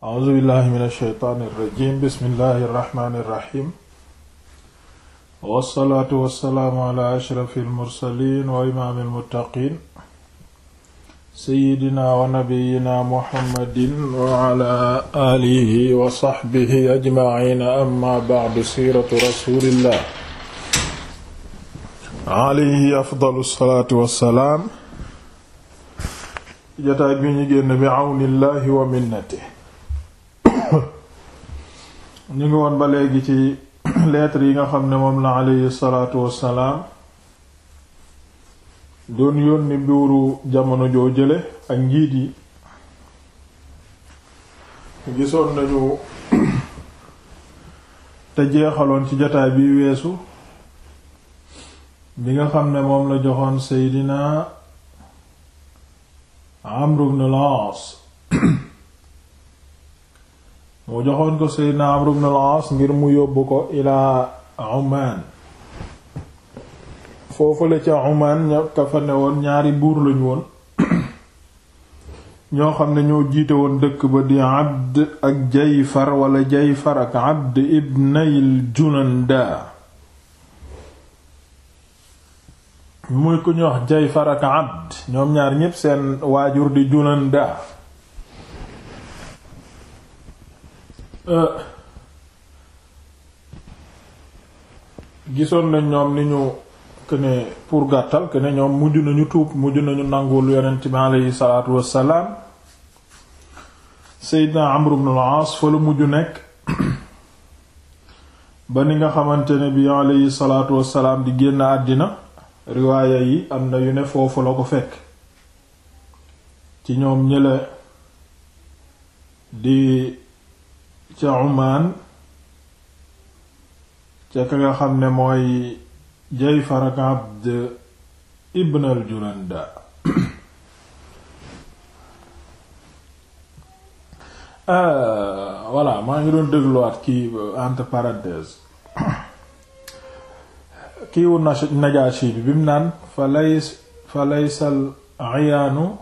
a'uuzu billahi min alsheytaan irrajim bismillahi irrahmaani irrahim wassalaatu wassalaamu ala ashrafi almursalin wa imaami almuttaqin seyidina wa nabiyina muhammadin wa ala aalihi wa saxbihi ajmaciina amma bacdu siiratu rasulillah alayhi afdalu salaatu wassalaam jataay bi ñu génn bi awnillahi wa minnatihi ñu ngi woon ba léegi ci lettre yi nga xam ne moom la aleyhi salaatu wassalaam doon yónni mbiru jamono joo jële ak njiit yi gisoon nañu te jeexaloon ci jotaay bi weesu bi nga xam ne moom la joxoon seydina Amru ibn al-As mu joxoon ko Seydina Amr ibn al ngir mu yóbbu ko ilaa Oman foofu la ca Oman ña ka fa ne woon ñaari buur lañu woon ñoo xam ne ñoo jiite woon dëkk ba di Abd ak Jayfar wala Jayfar ak Abd ibnayil Junanda muy ku ñu wax Jayfar ak Abd ñoom ñaar ñépp seen waajur di Junanda Euh, gisoon nañ ñoom ni ñu que ne pour gàttal que ñoom mujj nañu tuub mujj nañu nangul yonent bi aleyhi salaatu wassalaam Seydina Amr ibn al-As fa la mujj nekk ba ni nga xamante ne bi aleyhi salaatu wassalaam di génn àddina riwaaya yi am na yu ne foofu la ko fekk ci ñoom ñële di ca Umaan ca nga xam ne mooy Jayfar ak Abd ibn al-Julanda euh, voilà maa ngi doon dégluwaat kii entre parenthèses kiiwu Najaashi bi bi mu naan fa lays laysal ayaanu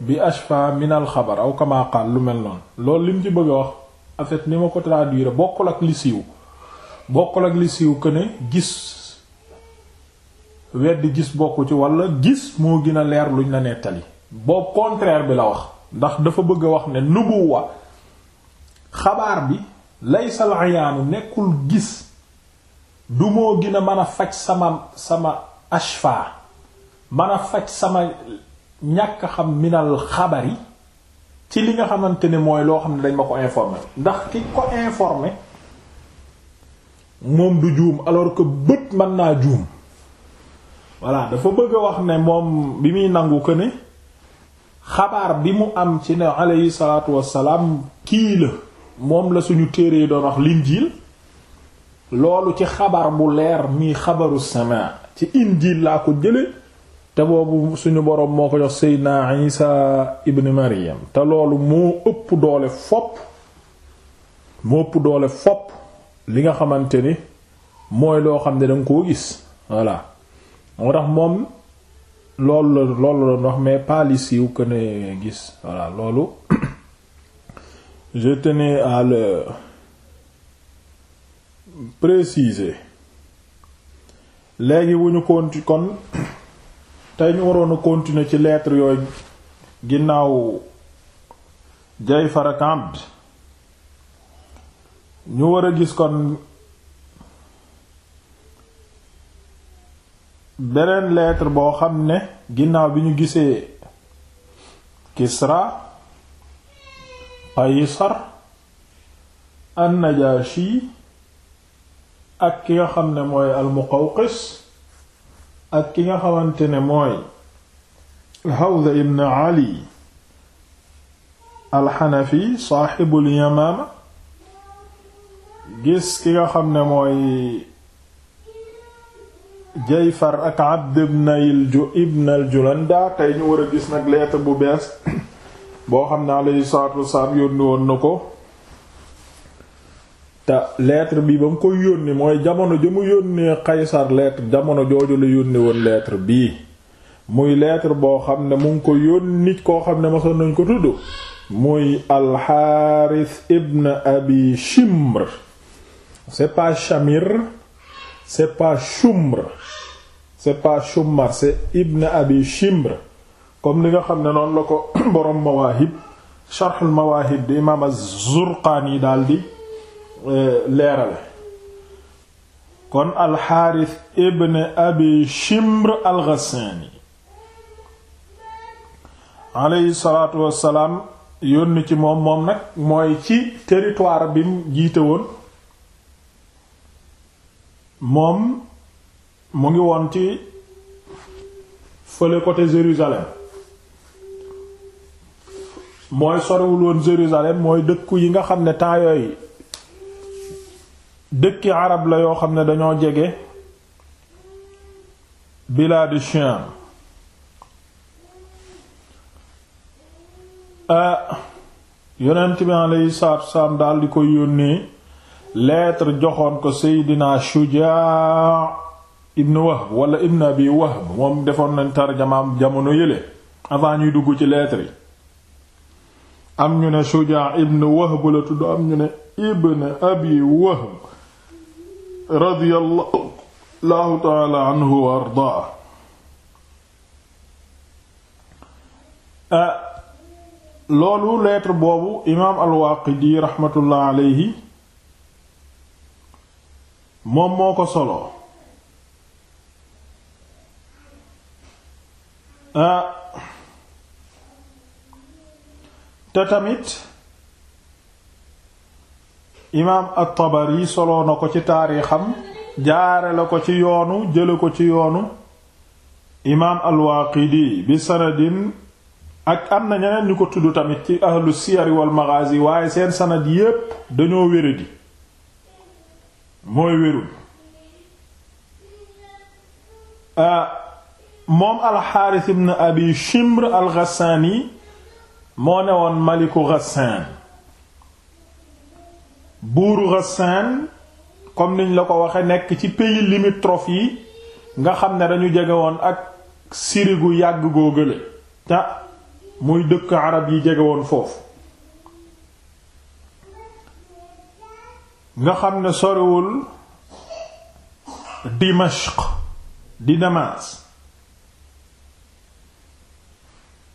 bi ashfa min al xabar aw kama lu mel noonu lool lim ci bëgg a wax en ni ma ko traduire bokkul ak li bokkul ak li siiw que ne gis weddi gis bokku ci walla gis moo gën a leer luñ la nettali boobu contraire bi la wax ndax dafa bëgg a wax ne nubuwa xabaar bi lay laysal ayaanu nekkul gis du moo gën mën a faj sama sama ashfa mën a faj sama ñàkk xam minal xabar yi ci li nga xamante ne mooy loo xam ne dañ ma ko informé ndax ki ko informé moom du juum alors que bët mën naa juum voilà dafa bëgg wax ne moom bi muy nangu ko ne xabaar bi mu am ci ne aleyhi salaatu wassalaam kii la moom la suñu téere yi doon wax l'injil loolu ci xabaar bu leer mii xabaru sama ci injil laa ko jële te boobu suñu boroom moo ko jox seydna isa ibn maryam te loolu moo ëpp doole fopp moo ëpp doole fopp li nga xamante ni mooy loo xam ne danga koo gis voilà moo tax moom loolu la loolu la doon mais pas li siiw que ne gis voilà loolu je tenais à le préciser léegi wu ñu konti kon tey ñu waroon a continuer ci lettre yooyu ginnaaw Jayfar ak Abd ñu war a gis kon beneen lettre boo xam ne ginnaaw bi ñu gisee Kisra Qaysar an-Najashi ak ki nga xam ne mooy al-Muqawqis ak ki nga xamante ne mooy Hawza ibn Ali alxanafi saaxibul Yamaama gis ki nga xam ne mooy Jayfar ak Abd ibn al-Julanda tey ñu war a gis nag lettre bu bees boo xam ne alayhi salaatu wassalaam yónni woon na ko te lettre bii ba mu ko yónni mooy jamono ja mu yónnee Qaysar lettre jamono jooju la yónni woon lettre bii muy lettre boo xam ne mu ngi ko yónni koo xam ne masoon nañ ko tudd muy alxaaris ibn abi chimr c'est pas chamir c'est pas chumr c'est pas chummar c'est ibn abi chimr comme ni nga xam ne noonu la ko boroom mawaahib charxul mawaahib di imaam az-Zurqaani daldi leerale kon alxaaris ibn abi shimr alxassani aleyhi salaatu wassalaam yónni ci moom moom nag mooy ci territoire bi mu jiite woon moom mu ngi woon ci fële côté Jérusalem mooy sorewul woon Jérusalem mooy dëkku yi nga xam ne temps yooyu dëkki arab la yoo xam ne dañoo jege bilaadu Sham yonent bi alayhi salaatu salaam daal di koy yónnee lettre joxoon ko Seydina Shujaa ibn Wahb wala ibn Abi Wahb moom defoon nañ tarjamaam jamono yéle avant ñuy dugg ci lettre yi am ñu ne Shujaa ibn Wahb la tudd am ñu ne ibn Abi Wahb radiyallahu taala anhu ah, boobu imaam al-Waaqidi raxmatullah aleyhi moom moo ko solo ah, te tamit imaam at yi soloo na ko ci taarixam jaare la ko ci yoonu jële ko ci yoonu imaam al bi sanadin ak am na ñeneen ñu ko tudd tamit ci ahlu siyar wal maghazi waaye seen sanad yépp dañoo wéradi mooy wérul ah, moom al-Haaris ibn Abi Shimr al-Ghassani moo newoon maliku Ghassan buuru Ghassan comme niñ la ko waxe nekk ci pays limitrophes yi nga xam ne dañu jege woon ak Syrie gu yàgg goo gële ta muy dëkk arab yi jege woon foofu nga xam ne soriwul Dimashq di Damas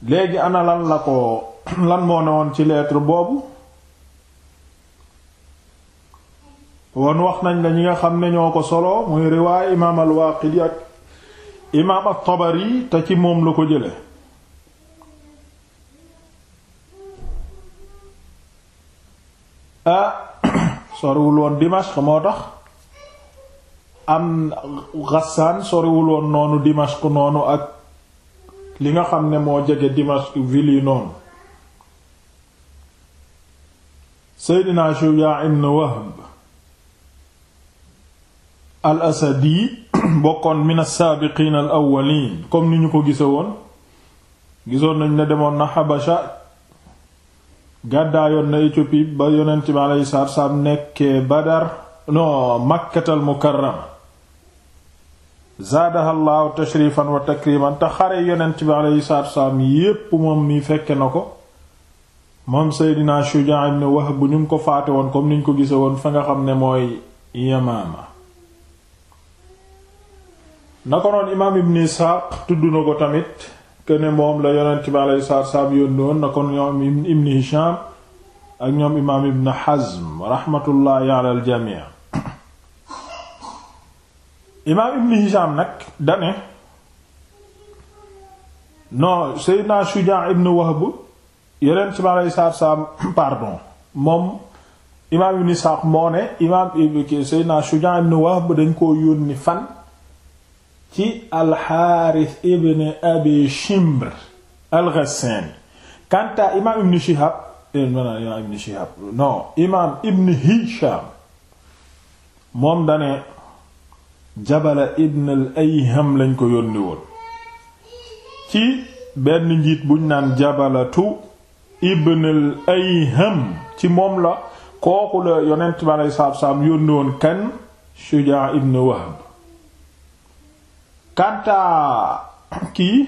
léegi ana lan la ko lan moo ne woon ci lettre boobu woon wax nañ la ñi nga xam ne ñoo ko solo muy riwaay imaam al ak imaam at te ci moom la ko jële ah soriwul woon Dimashq moo tax am Ghassan soriwul woon noonu Dimashq noonu ak li nga xam ne moo jege Dimashq ville yi noonu Seydina Shuja ibn Wahb al asadi bokkoon min as-saabiqiin al awwaliin comme ni ñu ko gise woon gisoon nañ ne demoon na xabasha gàddaayoon na Éthiopie ba yonent bi alayhi salaatu salaam nekkee badar no makkatal mukarrama zaadaha llaahu tashrifan wa takriman te xare yonent bi sa salaatu salaam yépp moom mi fekke na ko moom Seydina Shujaa ibn Wahb bu ñu ko faate woon comme niñ ko gise woon fa nga xam ne mooy Yamaama na ko noon imaam ibn Isxaaq tudd na ko tamit këne moom la yonent bi alayhi salaatu yónnoon na ko ñoom ibn Hisham ak ñoom imaam ibn Hazm raxmatullaahi ala jamii imaam ibn Hisham nag dane non Seydina Shujaa ibn Wahb yonent bi alayhi salaatu pardon moom imaam ibn Isxaaq moo ne imaam Seydina Shujaa ibn Wahb dañ koo yónni fan ci alxaaris ibn abi shimr alghassaani kanta imaam ibn shihab eh, imaam imaam ibn hisham moom dane jabala ibn al ayham lañ ko yónni woon ci benn njiit buñ naan jabalatu ibn al ayham ci moom la kooku la yonent bi aleyhi salaatu wa yónni woon kan shujaa ibn wahb kanta kii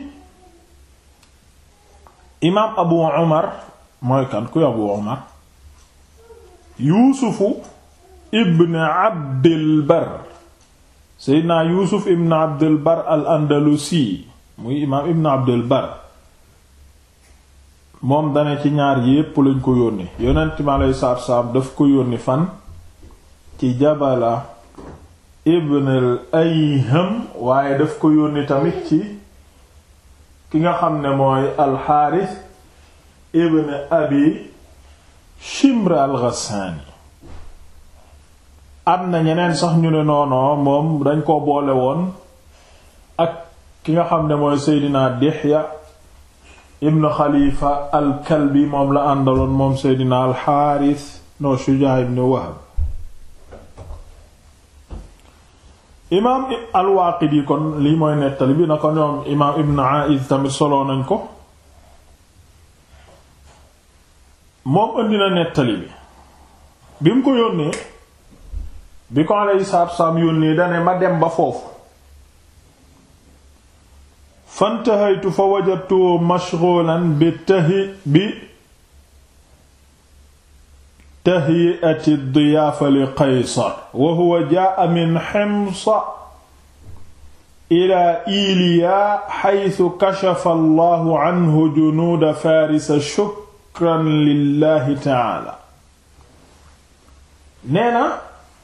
imaam abu umar mooy kan kuy abu umar yuusufu ibn abdil bar seydina yuusuf ibn abdil bar al andalusi muy imaam ibn abdil bar moom dane ci ñaar yépp lañ ko yónni yonent mi aleyhi salaatu daf ko yónni fan ci jabala ibn al ayham waaye daf ko yónni tamit ci ki nga xam ne mooy alxaaris ibn abi shimra al ghassani am na ñeneen sax ñu ne noonoo moom dañ ko boole woon ak ki nga xam ne mooy seydina dihya ibn xalifa al kalbi moom la àndaloon moom seydina alxaaris noo shujaa ibn wahb imaam al-Waaqidi kon lii mooy nettali bi na ko ñoom imaam Ibn Aiz tamit solo nañ ko moom indi na nettali bi bi mu ko yónnee bi ko alayhi salaatu salaam yónnee dane ma dem ba foofu fantahaytu fa wajadtu mashghulan bi tahi bi tahyi'ati diyaafa li qaysar wa huwa jaa'a min himsa ilaa iiliyaa haythu kashafa allahu anhu junuuda faarisa shukran lillahi ta'aala nee na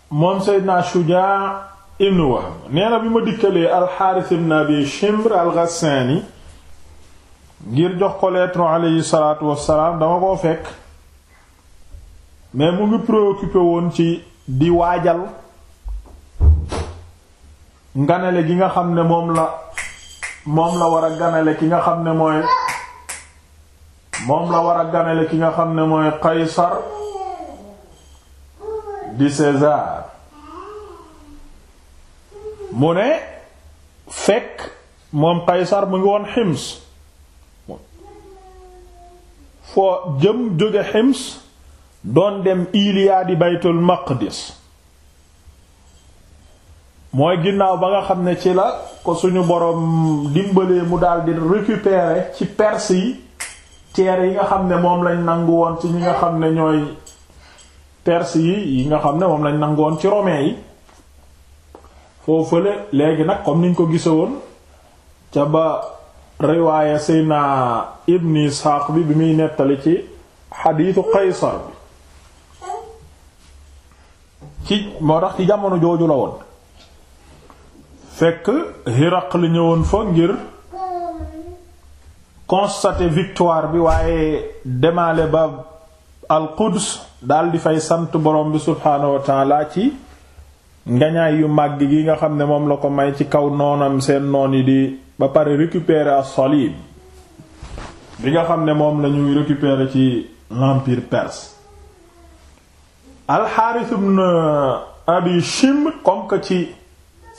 moom seydna Shujaa ibn Wahb nee na bi ma dikkalee alxaaris ibn abi Shimr al-Ghassaani ngir jox ko lettre alayhi salaatu wassalaam dama koo fekk mais mu ngi préoccupé woon ci di waajal nganale gi nga xam ne moom la moom la war a ganale ki nga xam ne mooy moom la war a ganale ki nga xam ne mooy Qaysar di César mu ne fekk moom Qaysar mu ngi woon Hims foo jëm jóge Hims doon dem Iliya di baytul maqdis mooy ginnaaw ba nga xam ne ci la ko suñu boroom dimbalee mu daldi récupérer ci perse yi terre yi nga xam ne moom lañ nangu woon ci ñi nga xam ne ñooy perse yi yi nga xam ne lañ nangu ci romains yi foofale léegi nag comme niñ ko gise woon ca ba riwaaya Seydina Ibn Isxaaq bi bi muy nettali ci xadiisu Qaysar bi ci moo tax ci jamono jooju la woon fekk Hiraql ñëwoon fa ngir constater victoire bi waaye demale ba al-Quds daal di fay sant boroom bi subhaanahu wa taala ci ngañaay yu màgg gi nga xam ne moom la ko may ci kaw noonam seen noon yi di ba pare récupérer as-Salib bi nga xam ne moom la ñuy récupérer ci l'empire perse alxaaris ibn abi shimr comme que ci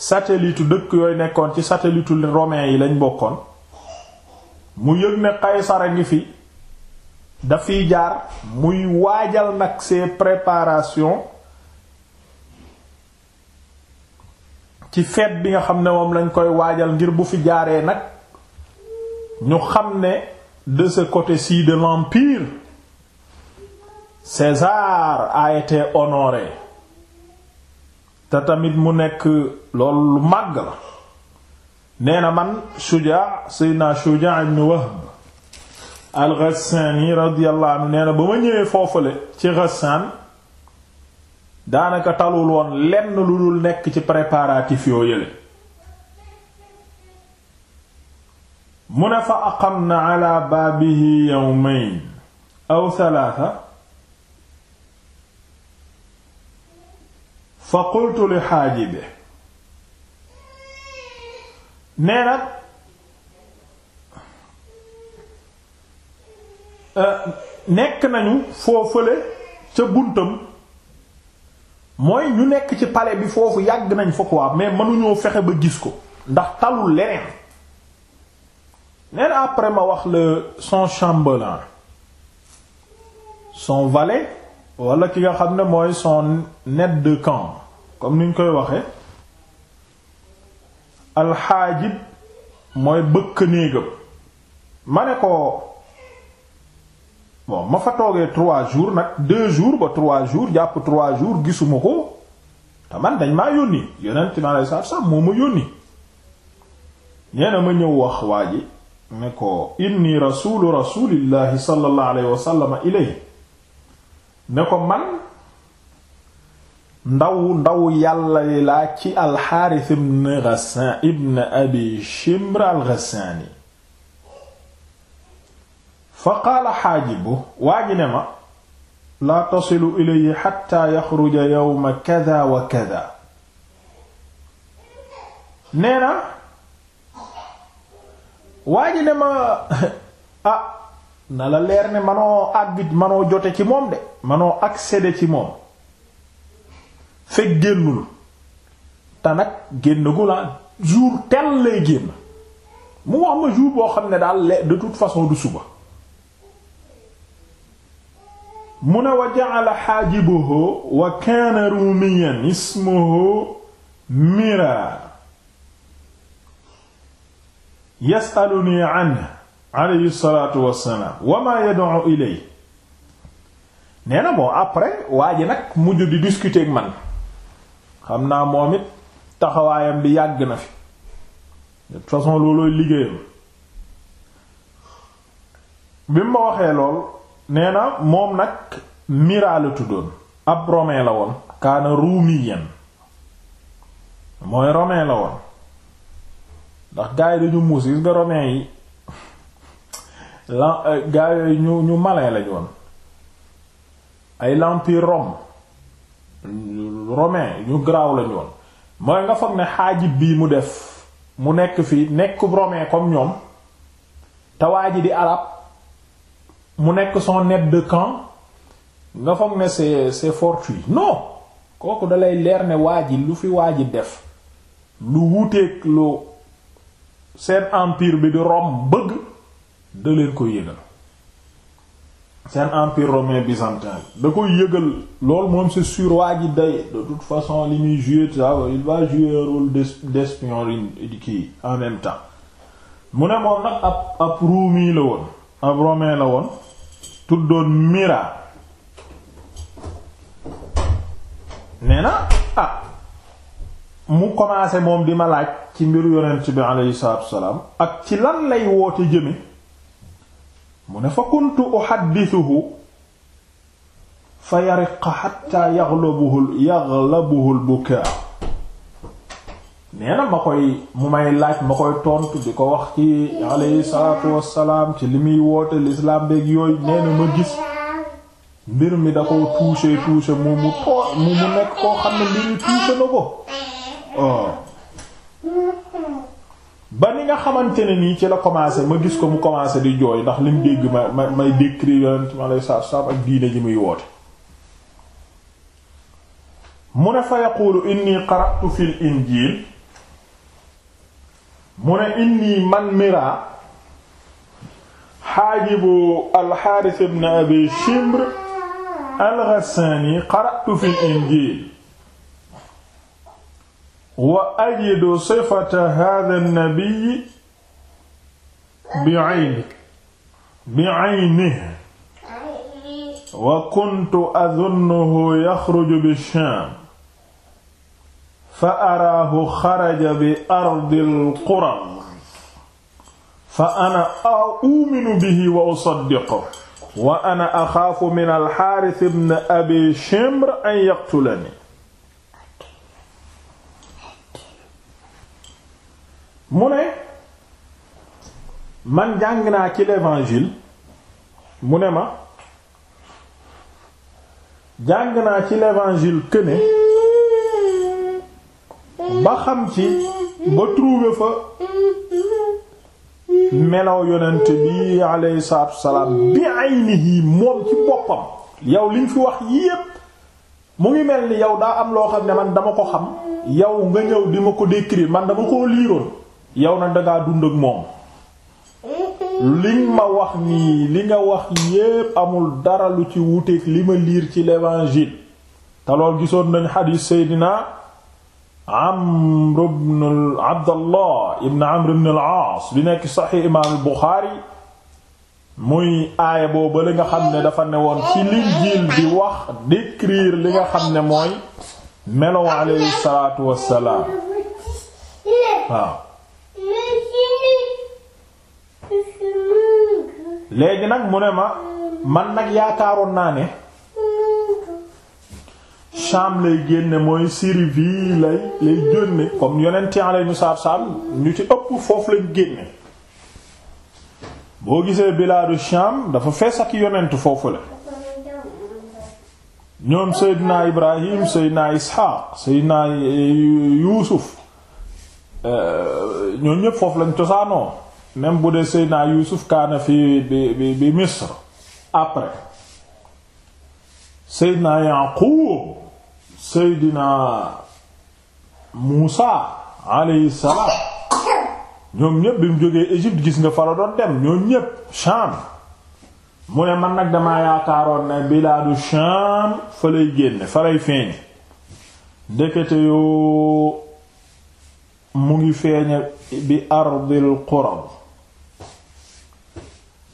satelitu dëkk yooyu nekkoon ci satellite romain yi lañ bokkoon mu yëg ne Qaysar a ngi fi dafiy jaar muy waajal nag ses préparation ci feet bi nga xam ne moom lañ koy waajal ngir bu fi jaaree nag ñu xam ne de ce côté-ci de l'empire César a été te tamit mu nekk loolu lu màgg la nee na man Shuja Seydina Shuja ibn Wahb al-Ghassani radiyallahu anhu nee ba ma ñëwee foofale ci Ghassan daanaka talul woon lenn lu dul nekk ci préparatif yoo yële mu ne fa aqamna ala baabihi yawmayn aw thalatha fa qultu li xaajibe nee nag euh, nekk nañu foofale ca buntam mooy ñu nekk ci pale bi foofu yàgg nañ fa quoi mais mënuñoo fexe ba gis ko ndax talul leneen nee na après ma wax le son chambellan son valet wala ki nga xam ne mooy son aide de camp comme niñ koy waxe alxaajib mooy bëkk néegam ma ne ko bon ma fa toogee trois jours nag deux jours ba trois jours jàpp trois jours gisuma ko te man dañ maa yónni yonent mi alei satu salam moo ma yónni nee ma ñëw wax waa ji ne ko inni rasulu rasulillahi sallallahu alayhi wa sallam ne ko man ndaw ndaw yàlla li laa ci alxaaris ibn Ghassan ibn abi Shimr al-Ghassani fa xaajibu waa ne ma laa tasilu ilayhi xatta yaxruja yawma kada wa kada nee ne ma ah na la leer ne manoo àggit manoo jote ci moom de manoo accéder ci moom fekk génnul te nag génnagul ah jour tel lay génn mu wax ma jour boo xam ne daal de toute façon du suba mu ne wa ja'ala xaajibahu wa kaana rumiyan ismuhu mira yasaluni anhu alayhi salaatu wassalaam wa ma yad'u ilay nee na bon après waa ji nag mujj di discuter ak man xam naa moom it taxawaayam bi yàgg na fi de toute façon loolooy liggéeyam bi mu ma waxee lool nee na moom nag Mira la tuddoon ab romain la woon kaana ruumiyan mooy romain la woon ndax gars yi dañu muus gis nga romain yi lan euh, gaa yooyu ñu ñu malin lañu ay l'empire Rome romain ñu garaaw lañu woon mooy nga foog ne xaajib bii mu def mu nekk fii nekk romain comme ñoom tawaa ji di arab mu nekk son aide de camp nga foog ne c'est c'est fortuit non kooku dalay leer ne waa ji lu fi waa ji def lu wuuteeg lu seen empiir bi di Rome bëgg da leen ko yëgal seen empire romain byzantin da ko yëgal loolu moom c'est sûr waa ji day de toute façon li muy jouer ça il va jouer un rôle d'espion kii en même mu ne moom nag ab ab ruumi la woon ab romain la woon tuddoon Mira nee na ah mu commencé moom di ma laaj ci mbir yonent bi aleyhi salaam ak ci lan lay woote jëme mu ne fa kuntu uhaddithuhu fa yariqa hatta yaghlabuhu yaghlabuhu al-bukaa nee na ma koy mu may laaj ma koy tontu di ko wax ci alayhi salaatu wassalaam ci li muy woote lislaam beeg yooyu nee ma gis mbir mi da ko touché touché mu mu too mu mu nekk koo xam ne mbir mi na ko oh. ba ni nga xamante ne nii ci la commencé ma gis ko mu commencé di jooy ndax li dégg ma may décrit yonent ma lay saaf saaf ak diine ji muy woote mu ne fa yaqulu inni qara'tu fil injil mu ne inni man mira xaajibu alxaaris ibn abi shimr yi qara'tu fil injil wa ajidu sifata hada nabii biayni biaynihi wa kuntu adunnuhu yaxruju bishaam fa araahu xaraja bi ardil quram fa ana uuminu bihi wa usaddiquhu wa ana axaafu min alxaaris ibn abi shimr an yaqtulani mu ne man jàng naa ci l'évangile mu ne ma jàng naa ci l'évangile que ne ba xam ci ba trouver fa melaw yonent bi alayhi salaatu wassalaam bi aynihi moom ci boppam yow liñ fi wax yépp mu ngi mel ni yow daa am loo xam ne man dama ko xam yow nga ñëw di ma ko décrire man dama koo liiroon yow na dangaa dund ak moom li ma wax nii li nga wax yépp amul dara lu ci wuteeg li ma liir ci l'évangile te lool gisoon nañ xadiis seydina amr ibn abdallah ibn amr ibn al bi nekk saxi imaamul buxaari muy aaya booba li nga xam ne dafa newoon ci l'injil di wax décrire li nga xam ne mooy melow aleyhi salaatu wassalaam waaw léegi nag mu ne ma man nag yaakaaroon naa ne Sham lay génne mooy Syrie bii lay lay génne comme yonent yi ñu saab saab ñu ci ëpp foofu lañ génne boo gisee bilaadu Sham dafa fees ak yonent foofu la ñoom naa Ibrahim Seydina Ishaq Seydina Yuusuf euh, ñoo ñëpp foofu lañ cosaanoo même bu dee Seydina Yuusuf kaana fi bi bi Misr après Seydina Yaqub Seydina Muusa alayhi salaam ñoom ñépp bi mu jógee Égypte gis nga fa la doon dem ñoom ñépp Sham mu ne man nag damaa yaakaaroon ne bilaadu Sham fa lay génne fa lay feeñ ndekete yoo mu ngi feeñe bi ardil qurab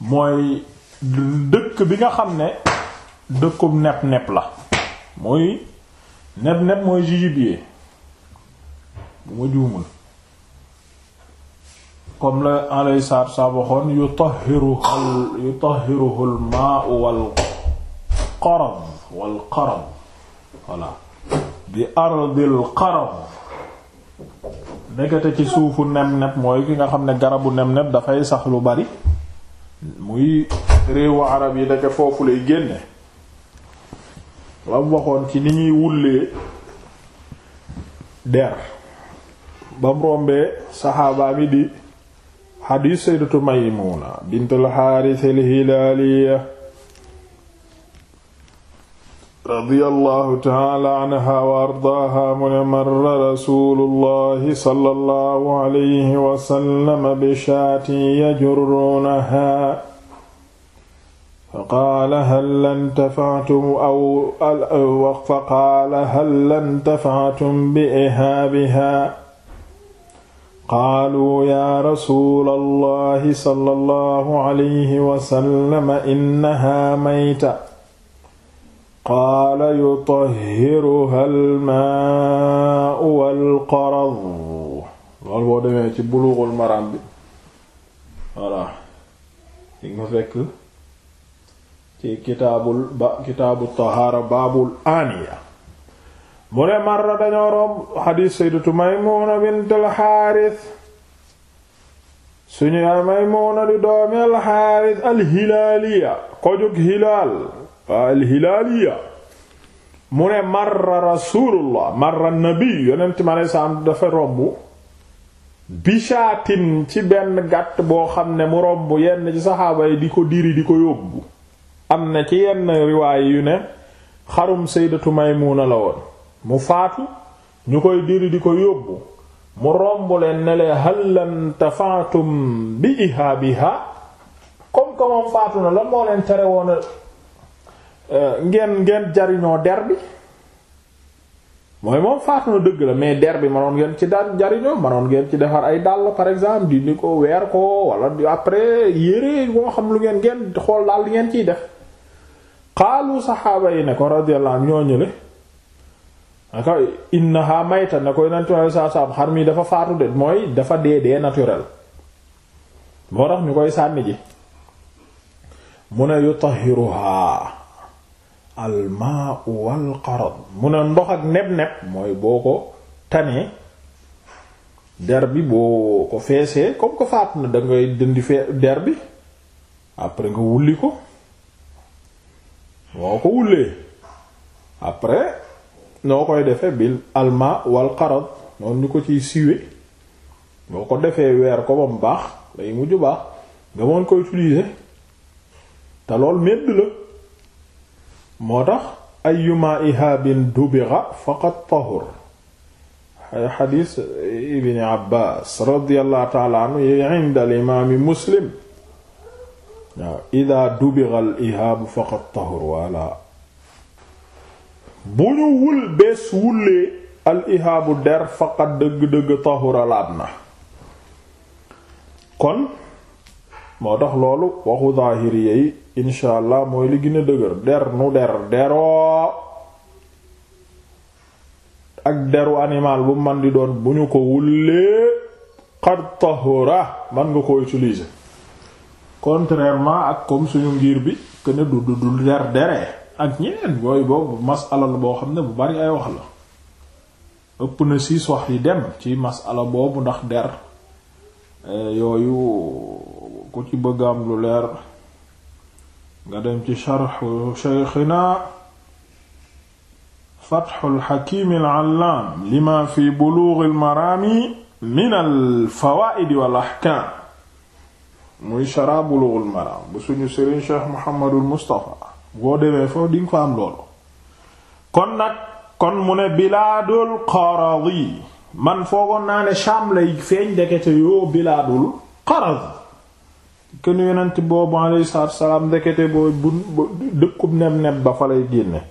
mooy dëkk bi nga xam ne dëkkub nepp nepp la mooy nepp nepp mooy jujubier bu ma juumul comme la alay saab saab waxoon yutahhiruhu yutahhiruhu al maa'u wal qarad wal qarad voilà bi ardil qarad nekkate ci suufu nepp nepp mooy ki nga xam ne garabu nepp nepp dafay sax lu bari muy réewu arab yi ndeke foofu lay génne lam waxoon ci ni ñuy wullee der bam rombee saxaabaa mi di xadiis sayyidatu Maymuna bintul Xaaris Hilaaliya radiyallahu taala anha wa ardaaha mu ne marra rasulullahi sallallahu alayhi wa sallam bi shaatin yajurrunaha faqaala hal intafa'tum aw faqaala hal intafa'tum bi ihaabiha qaaluu yaa rasuulallahi sallallahu alayhi wa sallam innaha mayta qaala yutahhiruha almaau walqarad loolu boo demee ci bulughul maram bi voilà di nga fekk ci kitaabul ba kitaabu tahaara baabul aaniya mu ne marra dañoo romb xadiis sayyidatu maymuna bint alxaaris suñu yaay maymuna di doomi alxaaris alhilaaliya ko jóg hilaal alhilaaliya mu ne marra rasulullah marra nabi yonent mi alei salaam dafa romb bishaatin ci benn gàtt boo xam ne mu romb yenn ci saxaaba yi di ko diri di ko yóbbu am na ci yenn riwaay yu ne xarum sayyidatu maymuna la woon mu faatu ñu koy diri di ko yóbbu mu romb leen ne leen hallan tafaatum bi ihaabiha comme que moom faatu na lan moo leen tere woon Euh, ngeen ngeen jariñoo der mooy moom faatu dëgg la mais der bi manoon ngeen ci daan jariñoo manoon ngeen ci defar ay dàll par exemple di ni ko weer ko wala après yére woo xam lu ngeen ngeen xool daal li ngeen ciy def xaalu saxaaba yi ne ko radiyallahu anhu ñoo ñële aka innaha mayta ne koy naturel saa saam xar mi dafa faatu de mooy dafa dee dee naturel moo tax ñu koy sànni ji mu ne yutahhiruha almaa wal qarad mu ne ndox ak neb-neb mooy boo ko tanee der bi boo ko feesee comme ko faat na dangay dindi fee der bi après nga wulli ko boo ko wullee après noo koy defee bil almaa wal qarad noonu ko ciy siwe boo ko defee weer ko ba mu baax lay mujju baax nga mën ko utiliser te lool medd la moo tax ayyuma ihaabin dubigha faqad tahur xadiis ibni abbas radiallahu taala anhu yi inda al imaami muslim waaw ida dubigha al ihaabu faqad tahur wala bu ñu wul bees wullee al ihaabu der faqad dëgg-dëgg tahura laab na kon moo tax loolu waxu zaahiriya yi incha allah mooy li gën a dëgër der nu der deroo ak deru animal bu man di doon bu ñu ko wullee qad tahura man nga ko utiliser contrairement ak comme suñu ngir bi que du du du der deree ak ñeneen yooyu boobu masala la boo xam ne bu bari ay wax la ëpp na siis wax yi dem ci masala boobu ndax der euh, yooyu ku ci bëgg am lu leer nga dem ci sharxu sheykhina fatxul xakimi al-allaam lima fi buluuxil maraami min al-fawaa'idi wal ahkaam muy shara buluuxil maraam bu suñu sëriñ cheikh Muhammadul Mustafa boo demee foo dinga fa loolu kon nag kon mu ne bilaadul qaradi man foogoon naa ne Shaam lay feeñ dekete yoo bilaadul qaradi kenn yonent boobu alayhi salaatu salaam ndekete booy bun dëkkub neb neb ba fa lay génne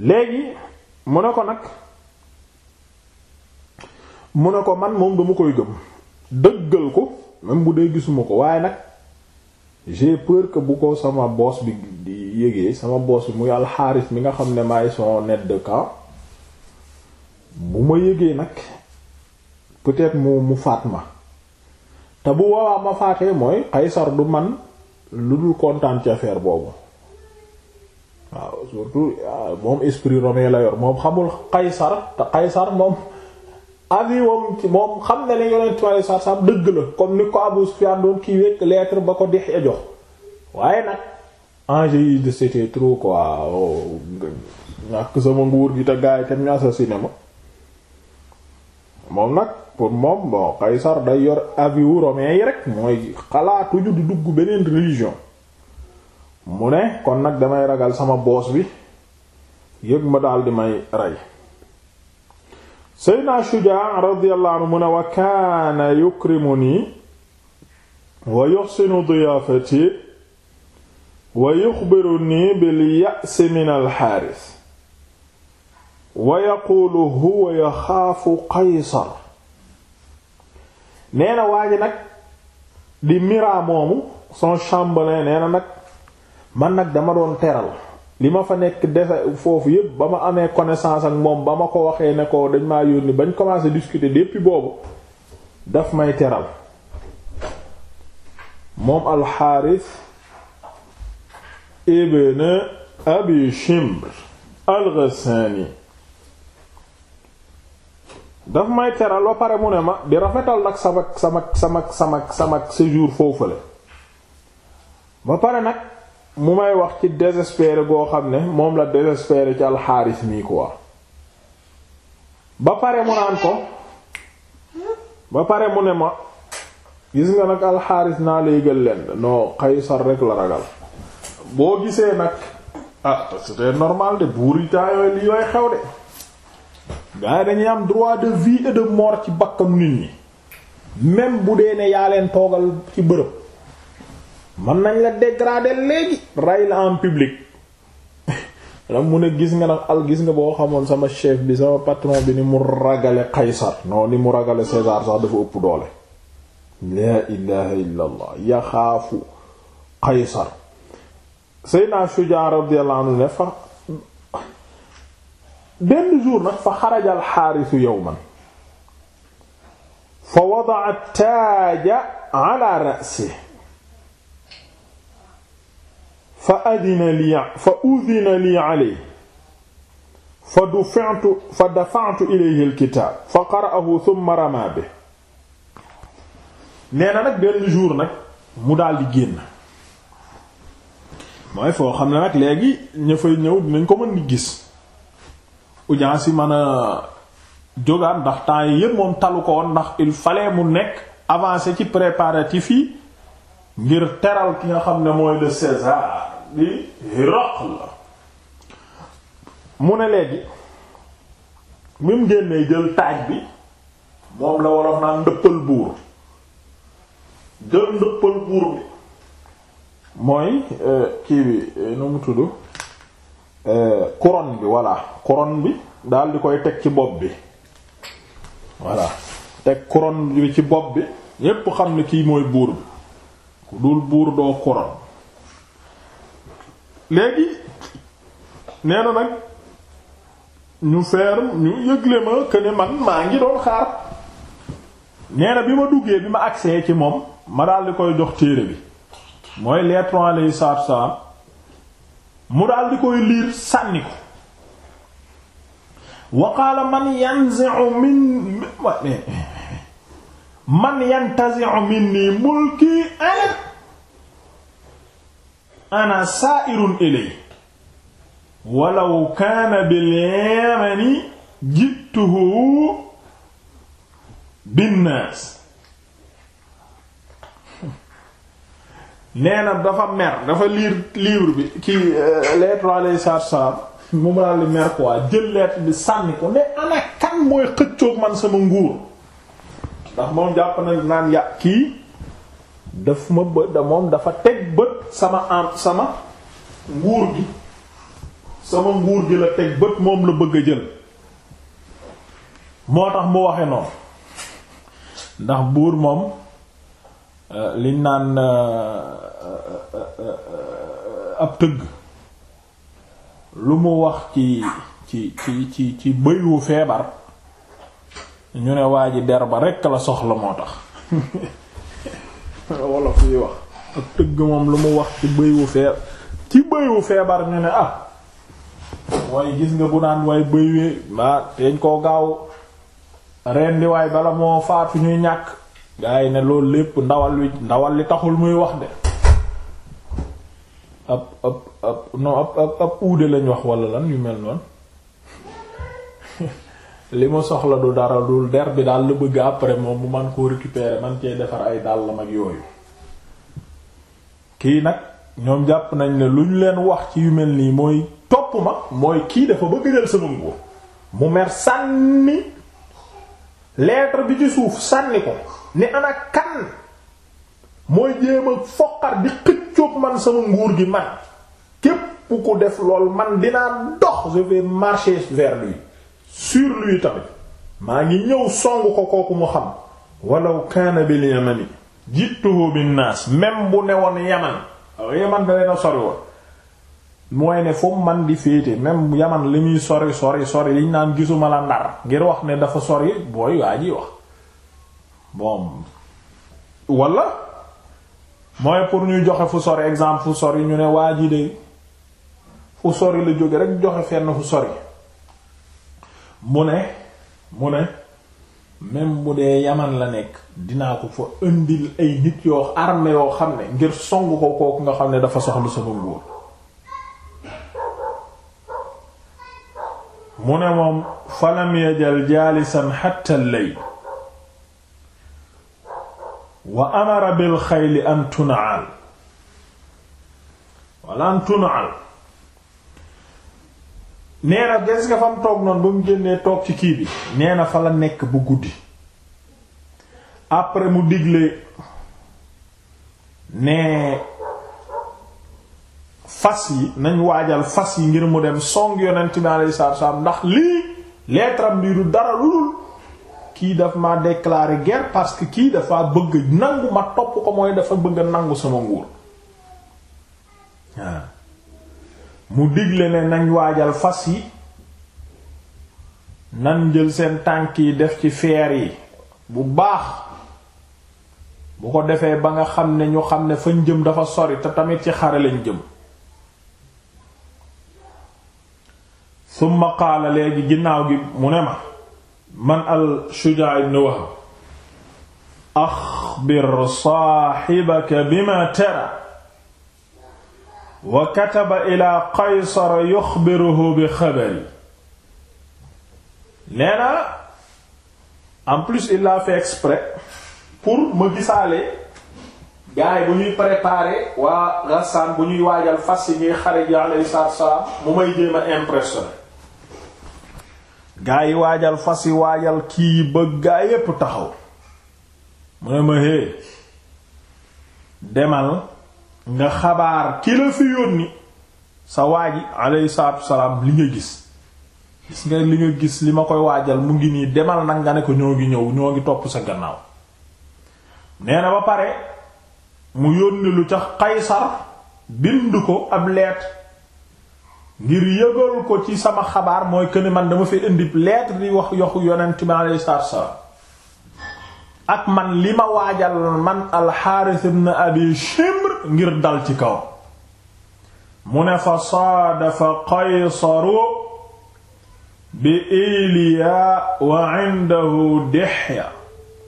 léegi mu ne ko nag mu ne ko man moom dama koy gëm dëggal ko même bu dee gisuma ko waaye nag j'ai peur bu ko sama boss bi di yégee sama boss bi muy alxaaris mi nga xam ne maay son aide de camp bu ma yégee nag peut mu mu faat ma te bu woowaa ma faatee mooy Qaysar du man lu dul kontaan ci affaire boobu waaw surtout ah, moom esprit romain la yor moom xamul Qaysar te Qaysar moom avis moom moom xam ne ne yonent bi alayhi salaam dëgg la comme ni ko Abu Sufyaan doon kii wekk lettre ba ko Dihya jox waaye nag enjeu yi de c'était trop quoi oh, ñàkk sama nguur gi te gaay yi kenn ñu assassiné moom nag pour moom bon Qaysar day yor aviwu romain yi rek mooy xalaatuñu di dugg beneen religion mu ne kon nag damay ragal sama boos bi yëg ma daal di may rey Seydina Shujaa radiyallahu anhu mu ne wa kaana yukrimuni wa yuhsinu diyaafati wa yuxbiruni bil ya'si min al wa yaquulu huwa yaxaafu qaysar nee na waa nag di mira moomu son chambellan nee na nag man nag dama doon teral li ma fa nekk defe foofu yépp ba ma amee connaissance ak moom ba ma ko waxee ne ko dañ maa yónni bañ commencé discuter depuis boobu daf may teral moom alxaaris ibn abi shimr al daf may teral ba pare mu ne ma di rafetal nag sama sama sama sama sama séjour foofule ba pare nag mu may wax ci désespéré goo xam ne moom la désespéré ci alxaaris mi quoi ba pare mu naan ko ba pare mu ne ma gis nga nag alxaaris naa lay gël leen non Qaysar rek la ragal boo gisee nag ah c'était normal de buur yi taa yooyu li yooy xew de gaa yi dañuy am droit de vie et de mort ci bakkanu nit ñi même bu dee ne yaa leen toogal ci bërëb mën nañ la dégrader léegi ray la en public la mu ne gis nga nag al gis nga boo xamoon sama chef bi sama patron bi ni mu ragale Qaysar non ni mu ragale César sax dafa ëpp doole laa ilaha illa allah yaxaafu Qaysar Seydina Shujaa radiyallahu anhu ne fa benn jour nag fa xaraja alxaarisu yawman fa wada'a taaja ala ra'si fa adina li fa udina li alayhi fa dufi'tu fa dafa'tu ilayhi alkitaab fa qara'ahu thumma rama bihi nee na nag benn jour nag mu daal di génn mooy foo xam ne nag léegi ña fay ñëw dinañ ko mën di gis audience yi mën a jógaan ndax temps yi yépp moom talu ko woon ndax il fallait mu nekk avancé ci préparatifs yi ngir teral ki nga xam ne mooy le César bi Hiraql la mu ne léegi mim génnee jël taaj bi moom la wolof naan ndëppal buur jël ndëppal buur bi mooy euh, kii bi euh, nu mu tudd Euh, couronne bi voilà couronne bi daal di koy teg ci bopp bi voilà teg couronne bi ci bopp bi ñépp xam ne kii mooy buur bi ku dul buur doo couronne léegi nee nag ñu feer ñu yëgle ma que ne man maa ngi doon xaar nee bi ma duggee bi ma agsee ci moom ma daal di koy jox téere bi mooy lettre alayhi salaatu salaam mu daal di koy liir sànni ko wa qaala man yanzi'u min man yantazi'u minni mulki ana ana sa'irun ilay walaw kaana bil yamani jittuhu bin naas nee na dafa mer dafa liir liir bi ki euh, lettre alayhi salaam mu daal di mer quoi jël lettre bi sànni ko ne ana mooy xëccoog man sama nguur ndax moom jàpp na naan ya kii daf ma bë dafa teg bët sama am sama nguur gi sama nguur gi la teg bët moom la bëgg a jël moo tax mu waxe noonu ndax buur moom euh, li naan euh, ab tëgg lu mu wax ci ci ci ci ci bëy wu feebar ñu ne waa ji der ba rekk la soxla moo tax wala fuy wax ak tëgg moom lu mu wax ci bëy wu feebar ci bëy wu feebar ñu ne ah waaye gis nga bu naan waaye bëy wee waa ah, teeñ koo gaaw rendi waay bala moo faatu ñuy ñàkk gaa yi ne loolu lépp ndawal wi ndawal li taxul muy wax de ab ab ab non ab ab uude lañ wax wala lan yu mel noon li ma soxla du dara dul der bi daal la bëgg après moom bu man koo récupérer man cee defar ay dàllam mag yooyu kii nag ñoom jàpp nañ ne lu ñu leen wax ci yu mel nii mooy topp ma mooy kii dafa bëgg jël sama nguur mu mer sànni lettre bi ci suuf sànni ko ne ana kan mooy jéem foqar di xëcc xëccoog man sama nguur gi man képp ku def lool man dinaa dox je vais marcher vers lui sur lui tamit maa ngi ñëw song ko kooku mu xam walaw kaana bil yamani jittuhu bin naas même bu ne woon yaman yaman da leen sori woon mooy ne foofu man di féete même yaman li muy sori sori sori liñ naan gisuma la ndar ngir wax ne dafa sori booy waa ji wax bon wala mooy pour ñu joxe fu sori exemple fu sori ñu ne waa ji de fu sori la jóge rek joxe fenn fu sori mu ne mu ne même bu dee yaman la nekk dinaa ko fa indil ay nit yoo armée yoo xam ne ngir song ko kooku nga xam ne dafa soxlu sama nguur mu ne moom falam yajal jaalisan hatta al-layl wa amara bil xayli an tunaal wala an des nga fa mu toog noonu ba mu génnee toog ci kii bi nee na fa la nekk bu guddi après mu digle ne fas yi nañ waajal fas yi ngir mu dem song yonent bi alayhi salaatu wa ndax lii leetaram bii du dara lu dul kii dafa ma déclarer guerre parce que kii dafa bëgg nangu ma topp ko mooy dafa bëgg nangu sama nguur ah. mu digle ne nañ waajal fas yi nan jël seen tànk yi def ci feer yi bu baax bu ko defee ba nga xam ne ñu xam ne fañ jëm dafa sori te tamit ci xare lañ jëm summa qaala léegi ginnaaw gi mu ne ma man al Shujaa ibn Wahb axbir saaxibaka bima tara wa kataba ila Qaysar yuxbiruhu bi xabari nee en plus il l'a fait pour ma gisaale gars bu ñuy préparer waa Ghassan bu ñuy waajal fas yi ñuy xare ji mu may jéem a gaa yi waajal fas yi waajal kii bëgg yépp taxaw mu ne ma hee demal nga xabaar ki la fi yónni sa waaji alayhi salaatu wasalaam li nga gis gis nga li nga gis li ma koy waajal mu ngi nii demal nag nga ne ko ñoo ngi ñëw ñoo ngi topp sa gannaaw nee na ba pare mu yónni lu ca Qaysar bind ko ab leet ngir yëgal ko ci sama xabaar mooy que ne man dama fi indi lettre di wax yoxu yonent bi alayhi salaatu salaam ak man li ma waajal man alxaaris ibn abi shimr ngir dal ci kaw mu ne fa saadafa qaysaru bi iliya wa indahu dihya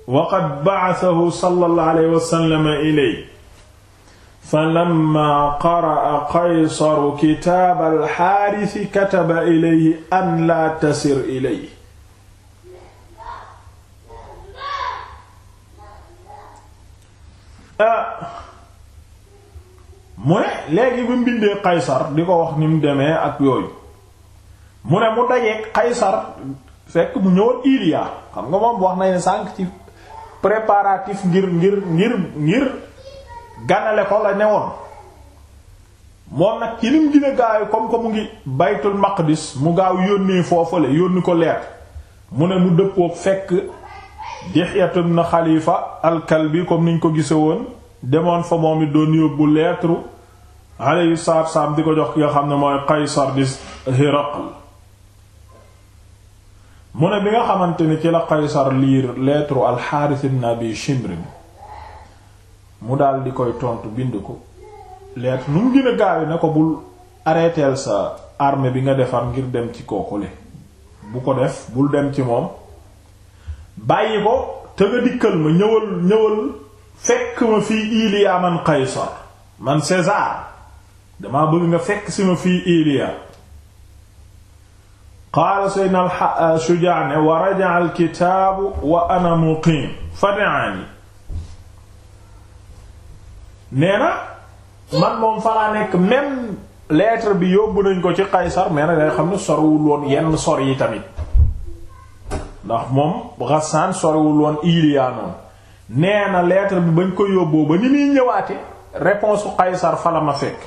wa qad ba'athahu sallallahu wa sallam ilayhi falamma qaraa qaysaru kitaaba alxaarisi kataba ilayhi an laa tasir ilayhi mu ne léegi bi mu bindee qaysar di ko wax ni mu demee ak yooyu mu ne mu dajeek qaysar fekk mu ñëwoon Iliya xam nga moom wax nañu sànq ci préparatif ngir ngir ngir ngir ganale ko la newoon moom nag ci lim dina gaaw comme que mu ngi baytul maqdis mu gaaw yónnee foofale yónni ko leer mu ne mu dëppoo fekk Dihyatu ibn Xalifa al-Kalbi comme niñ ko gise woon demoon fa moom it doon yóbbu lettre alayhi salaatu salaam di ko jox ki nga xam ne mooy Qaysar di Hiraql mu ne bi nga xamante ni ci la Qaysar liir lettre al-Haaris ibn mu dal di koy tontu bind ko lettre nu mu gën a gaawe na ko bul arrêteel sa armée bi nga defar ngir dem ci kooku li bu ko def bul dem ci moom bàyyi ko te nga dikkal ma ñëwal ñëwal fekk ma fii Iliya man Qaysar man César damaa bëgg nga fekk si ma fii Iliya qaala sayyidina al-Shujaa' wa raja'a kitaabu wa ana muqiim fad'aani nee man moom fa nekk même lettre bi yóbbu nañ ko ci Qaysar mais nag day xam ne soriwul woon yenn sor yi tamit ndax moom Ghassan soriwul woon Iliya noonu nee na lettre bi bañ ko yóbboo ba ni muy ñëwaate réponse u Qaysar fala ma fekk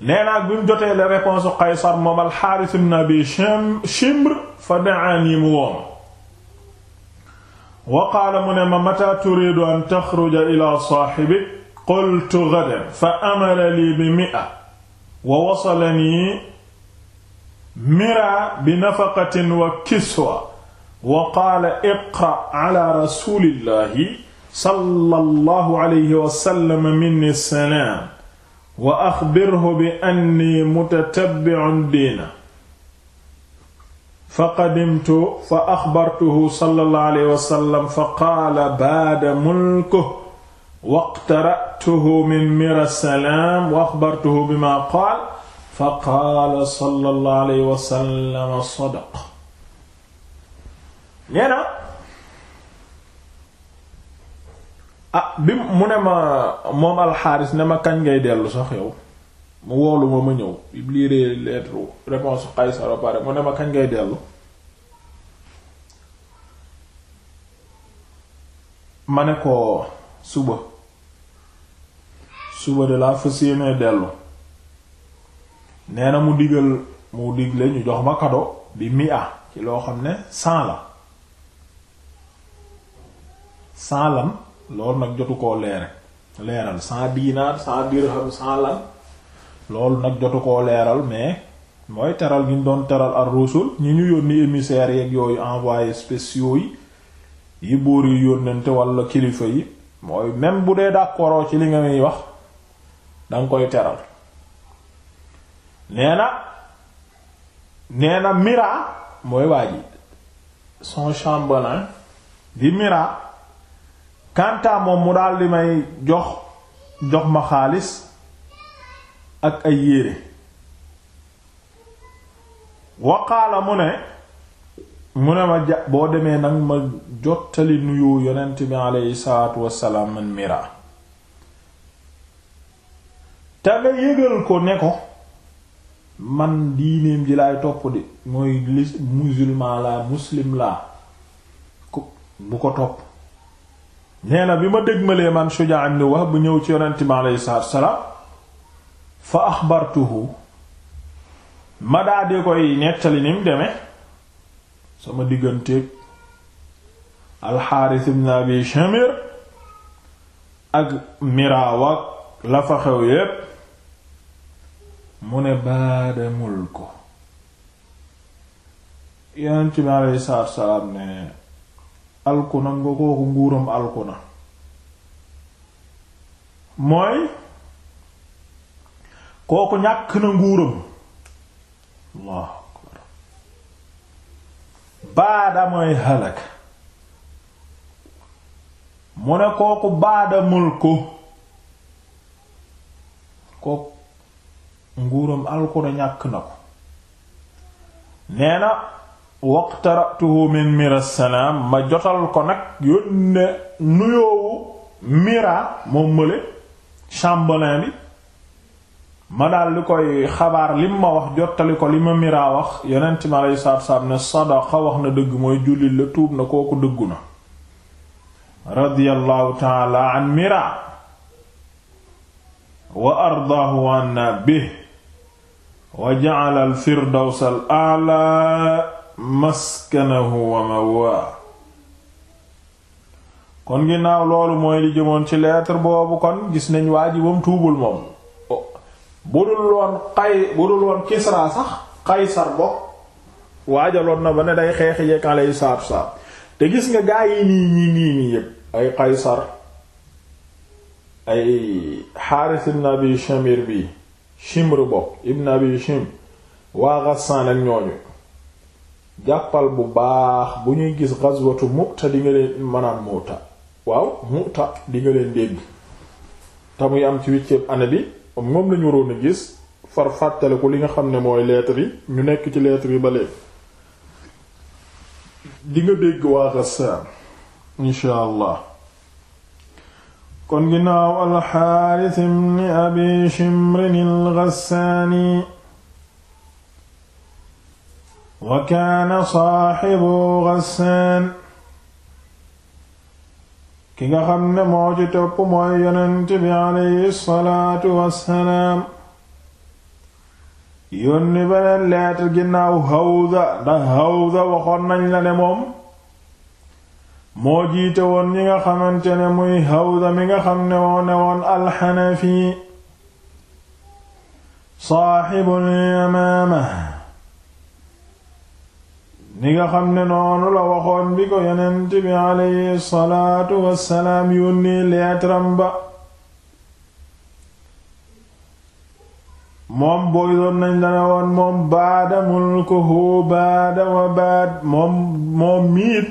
nee naa bi mu jotee la réponse u Qaysar moom al Harith ibn Abi Shimr fa da'ani mu woon wa qaala mu ne ma mata turiidu an taxruja ila saaxibik qultu gadan fa amala lii bi mi'a wa wasalanii mira bi nafaqatin wa kiswa wa qaala iqra ala rasulillahi sallallahu alayhi wa sallam minni salaam wa axbirhu bi anni mutatabbi'un diina fa qadimtu fa axbartuhu sallallahu alayhi wa sallam fa qaala baada mulkuhu waqtara'tuhu min mira salaam wa axbartuhu bimaa qaala fa qaala sallallahu alayhi wa sallam sadaqa. nee na ah bi mu ne ma moom alxaaris ne ma kañ ngay dellu sax yow. mu woolu ma ma ñëw bi liiree lettre réponse Qaysar ba pare mu ne ma kañ ngay dellu ma ne ko suba suba de la fas yéenee dellu neena mu digal mu digle ñu jox ma kado bi mi a ci loo xam ne cent la cent lan loolu nag jotu koo leere leeral cent dinar cent dirham cent lan loolu nag jotu koo leeral mais mooy teral gi ñu doon teral ar rusul ñi ñu yónni émissaires yeeg yooyu envoyé spéciaux yi buur yi yónnante wala kilifa yi mooy même bu dee d'accord ci li nga muy wax danga koy teral nee na nee na mira mooy waa ji son chambellan di mira kanta moom mu daal di may jox jox ma xaalis ak ay yére waqaala mu ne mu ne ma ja boo demee nag ma jottali nuyoo yonent bi aleyhi salaatu wassalaam man mira te nga yëgal ko ne ko man diineem ji laay topp di mooy musulman la muslim la ko bu ko topp nee na bi ma dégmalee man Shujaa ibn Wahb bu ñëw ci yonent bi aleyhi salaatu wassalaam fa axbartuhu ma daa koy nettali ni mu sama digganteeg alxaaris ibn abi shamir ak miraawak la fa xew yépp mu ne baada mulku yonent bi aleyhi salaam ne alkuna nga kooku nguuram alkuna mooy kooku ñàkk na nguuram allahu akbar mu ne kooku baada mulku kooku nguuram alku ñàkk na ko nee na waqtaratuhu mira salaam ma jotal ko nag yónne nuyoowu mira moom mële chambellan bi ma daal li koy xabaar lim ma wax jottali ko li ma miraa wax yonent mi aleyhi salaatu salaam ne sadaqa wax na dëgg mooy jullit la tuub na kooku dëggu na radiyallahu taala miraa wa ardaahu wa bih wa ja'ala al firdaws al a'la maskanahu kon ginnaaw loolu mooy li jëmoon ci lettre boobu kon gis nañ waa ji tuubul moom bu dul woon xay bu dul woon Kisra sax Qaysar bokk waajaloon na ba ne day xeex yeeg alayhi salaatu wasalaam te gis nga gaa yi nii ñii nii nii yépp ay Qaysar ay Xaaris ibn Abi Shamir bi Shimr bokk ibn Abi Shimr waa Ghassan ak ñooñu jàppal bu baax bu ñuy gis ghazwatu Mu'ta di nga leen mënaan Mu'ta waaw Mu'ta di leen dégg te muy am ci huitième année bi moom lañu waroon a gis far fàttale li nga xam ne mooy lettre yi ñu nekk ci lettre yi ba léegi di waa Ghassaan inshaa allah kon ginnaaw alxaaris ibn abi shimrin al-Ghassaani wa kaana saaxibu Ghassaan ki nga xam ne moo ci topp mooy yonent bi aleyhi salaatu wassalaam yónni beneen lettre ginnaaw Hawza ndax Hawza waxoon nañ la ne moom moo jiite woon ñi nga xamante ne muy Hawza mi nga xam ne moo ne woon alxanafi saaxibul yamaama ni nga xam ne noonu la waxoon bi ko yonent bi aleyhi salaatu wassalaam yónni leetaram ba moom booy nañ la ne moom baada mulkuhu baada wa baad moom moom miit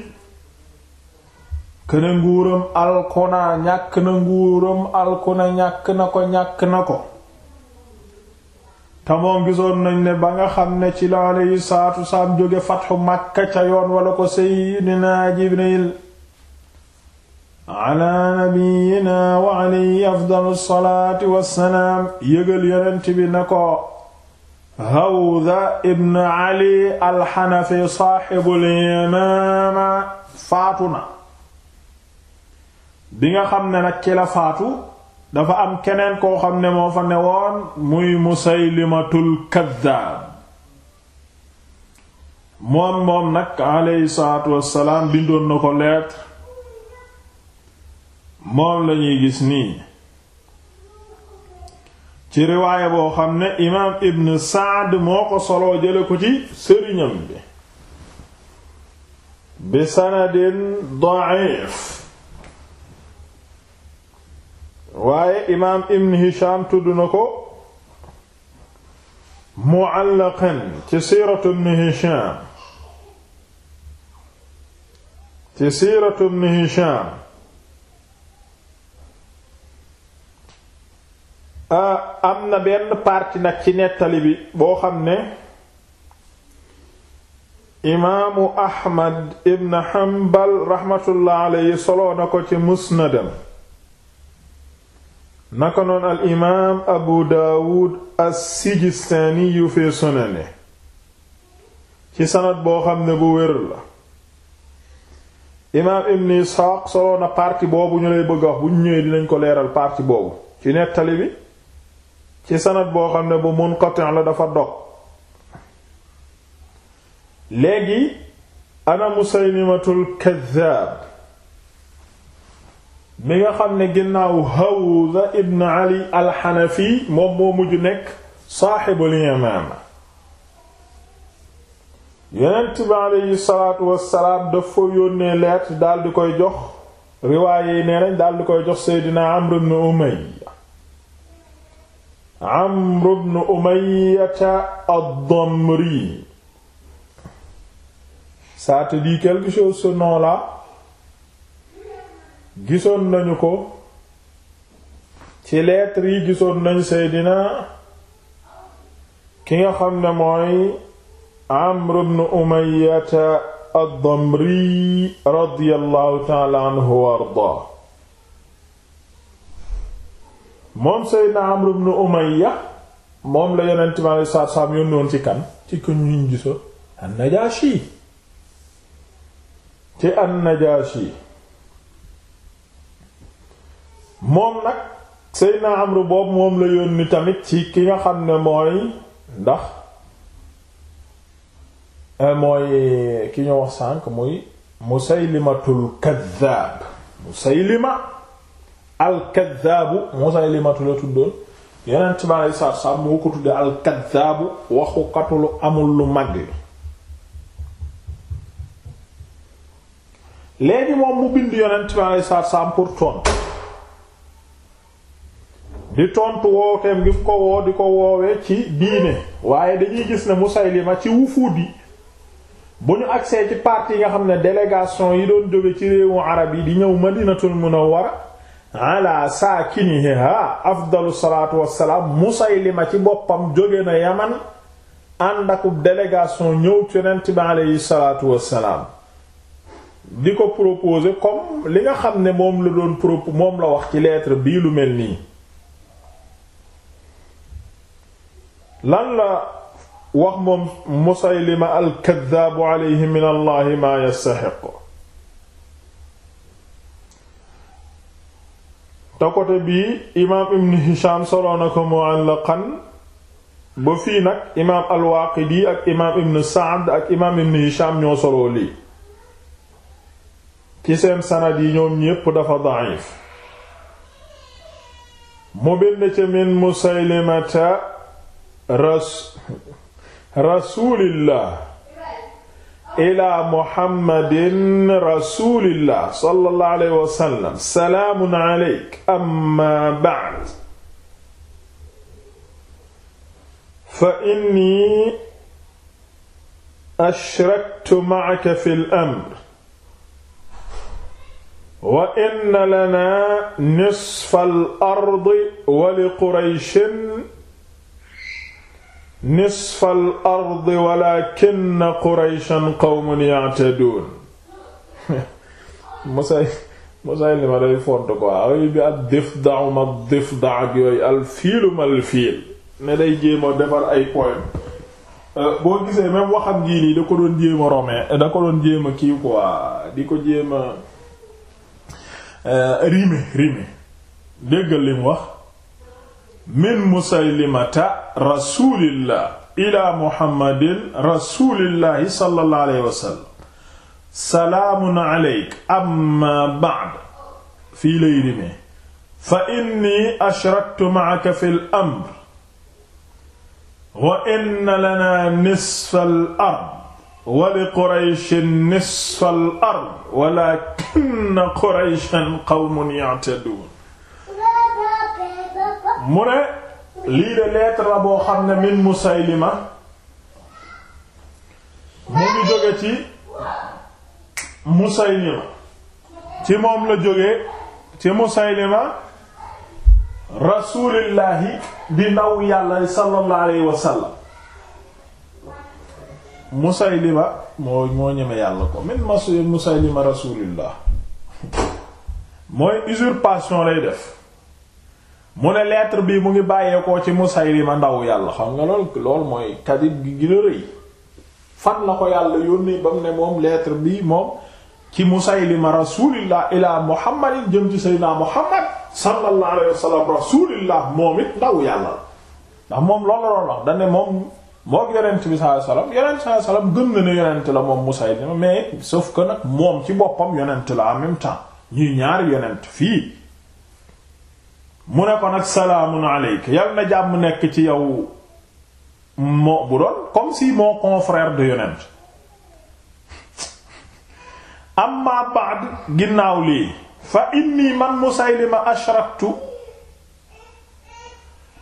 këne nguuram alkuna ñàkk na nguuram alkuna ñàkk na ko ñàkk na ko te moom gisoon nañ ne ba nga xam ne ci la alayhi salaatu wasalaam jóge fatxu Makka ca yoon wala ko seydinaa Jibril ala nabiyyina wa alayhi afdalu salaati wassalaam yëgal yonent bi na ko Hawza Ali al-Hanafi saaxibul Yamaama faatu na bi nga xam ne nag ci la faatu dafa am keneen koo xam ne moo fa newoon muy limatul kaddaab moom moom nag aleyhi salaatu wassalaam bindoon na ko lettre moom lañuy gis nii ci riwaaya boo xam ne imaam ibn saad moo ko soloo jële ko ci sëriñam bi bi sanadin da'if waaye imaam ibn hisham tudd ko mu ci siiratu ibn hisham ci siiratu ibn hisham am na benn partie nag ci nettali bi boo xam ne imaamu ahmad ibn hanbal rahmatullah alayhi soloo na ko ci musnadam naka noon al imaam abu daawud as-sijistaani yu fi sunane ci sanad boo xam ne bu wér la imaam ibn isxaaq soloo na boobu ñu lay bëgg wax bu ñu ñëwee dinañ ko leeral partie boobu ci nettali bi ci sanad boo xam ne bu munqati la dafa dog léegi ana musaylimatul kaddaab mi nga xam ne ginnaaw Hawza ibn Ali al-Hanafi moom moo mujj nekk saaxibul Yamaama yonent bi aleyhi salaatu wassalaam dafa yónnee lettre daal koy jox riwaaye yi nee nañ daal koy jox Seydina Amr ibn Umayya Amr ibn Umayya ad-Damri ça te dit quelque chose ce gisoon nañu ko ci lettre yi gisoon nañ seydina ki nga xam ne mooy amr ibn umayyata ad-damri radiyallahu ta'ala anhu wa ardaa moom seydina amr ibn umayya moom la yonent mi alayhi salaatu salaam yónnoon ci kan ci ko ñu gisoon an-najaashi ci an-najaashi moom nag Seydina Amru boobu moom la yónni tamit ci ki nga xam ne mooy ndax eh, mooy ki ñu wax sànq muy Musaylimatul Kaddaab Musaylima al Kaddaabu Musaylimatu la tuddoon yeneen tubaab yi sax sax mu ko tuddee al Kaddaabu waxukatu lu amul lu màgg. léegi moom mu bind yonent bi alayhi salaam pour tontu di tontu wooteem gi mu ko woo di ko woowee ci diine waaye dañuy gis ne Musaylima ci wufuud yi bu ñu agsee ci parti yi nga xam ne délégation yi doon jóge ci réewu arab yi di ñëw mën Madinatul Munawwara ala saakiniha afdalu salaatu wassalaam Musaylima ci boppam jóge na Yaman ànd akub délégation ñëw ci Yonent bi aleyhi salaatu wassalaam di ko proposer comme li nga xam ne moom la doon prop moom la wax ci lettre bii lu mel nii lan la wax moom Musaylima al-kaddaabu alayhi min Allahi maa yastaxiq imaam Ibn Hisham soloo na ko mu'allaqan ba fii nag imaam al ak imaam Ibn Sa'd ak imaam Ibn Hisham ñoo soloo lii ci seen sanad yi ñoom ñépp dafa da'if mu bind ci min Musaylimata ras rasulillah ila muhammadin rasulillah sallallahu alayhi wa sallam salaamun aleyk amma ba'd fa inni ashraktu ma'aka fil amr wa inna lana nisfal ardi wa li qurayshin nisfal ardi walaakinna qurayshan qawmun ya'taduun musay Musaylima day font ko ay bi ak difda ma ak yooyu al fiilu mal fiil ne day jéema defar ay poème euh, boo gisee même waxam jii nii da ko doon jéem a da ko doon jéem a kii quoi di ko jéem rime euh, rime déggal li wax min musaylimata rasulillah ila muhammadin rasulillahi sallallahu alayhi wa sallam salaamun aleyk amma ba'd fii lay rimee fa inni ashraktu ma'aka fil amr wa inna lana nisfal ard wa li qurayshin nisfal ard walaakinna qurayshan qawmun ya'taduun mu ne lii de lettre boo xam ne min Musaylima mu ngi jóge ci Musaylima ci moom la jóge ci Musaylima rasuulillaahi di ndaw yàlla sallallahu alayhi wa sallam Musaylima moo moo ñeme yàlla ko min Musaylima rasuulillah mooy usurpation lay def mu ne lettre bii mu ngi bàyyeekoo ci mu say ma ndaw yàlla xam nga lool lool mooy kadib gi gën rëy fan la ko yàlla yónnee ba mu ne moom lettre bi moom ci Musaylima rasulillah ila Muhammadin jëm ci Seydina Muhammad sallallahu alayhi wa sallam rasulillah moom it ndaw yàlla la ndax moom loolu la doon wax dañ ne moom moog yonent bi sallallahu alayhi wa sallam yonent sallallahu alayhi wa sallam gëm na ne yonent la moom Musaylima mais sauf que nag moom ci boppam yonent la en même temps ñuy ñaari yonent fii. mu ne ko nag salaamun aleyk yal na jàmm nekk ci yow moo bu doon comme si mon confrère de yonent amma ba'd ginnaaw lii fa inni man musaylima ashraktu